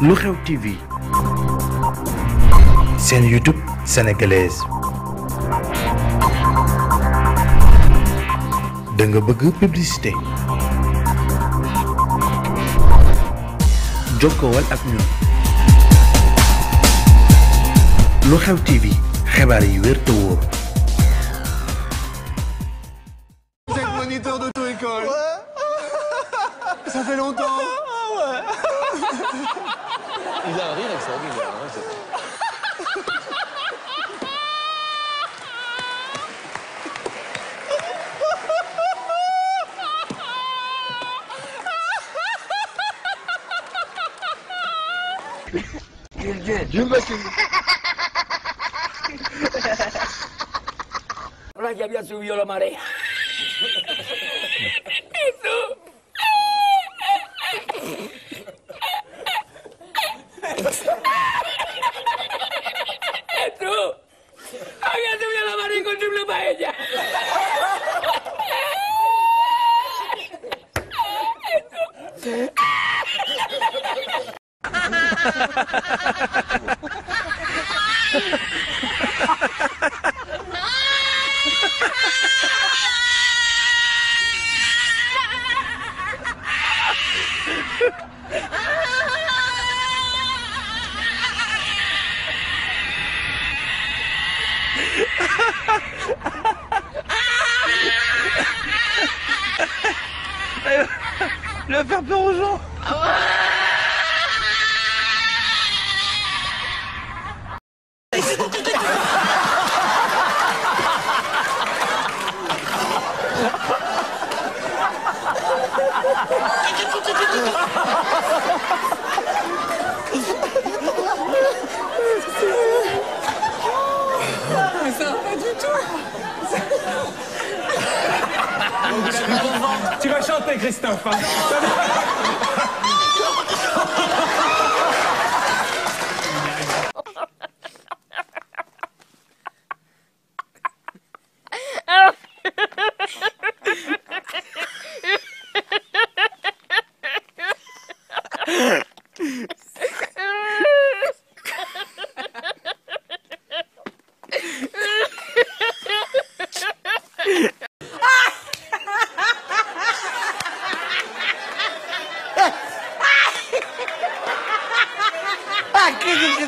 lu xew TV seen YouTube sénégalaise bëgg publicité jokkowal ak ñun lu TV xibaar yi wér te wóor. Vous êtes longtemps. Il a un rire extraordinaire. Hein, Gül gül. bakayım. Ulan ya biraz subió la marea. Eso. Il va faire peur tout. tu vas chanter, Christophe. Hein. Alors... Ay, qué,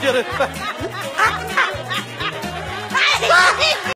qué, qué. Ay. Ay. Ay.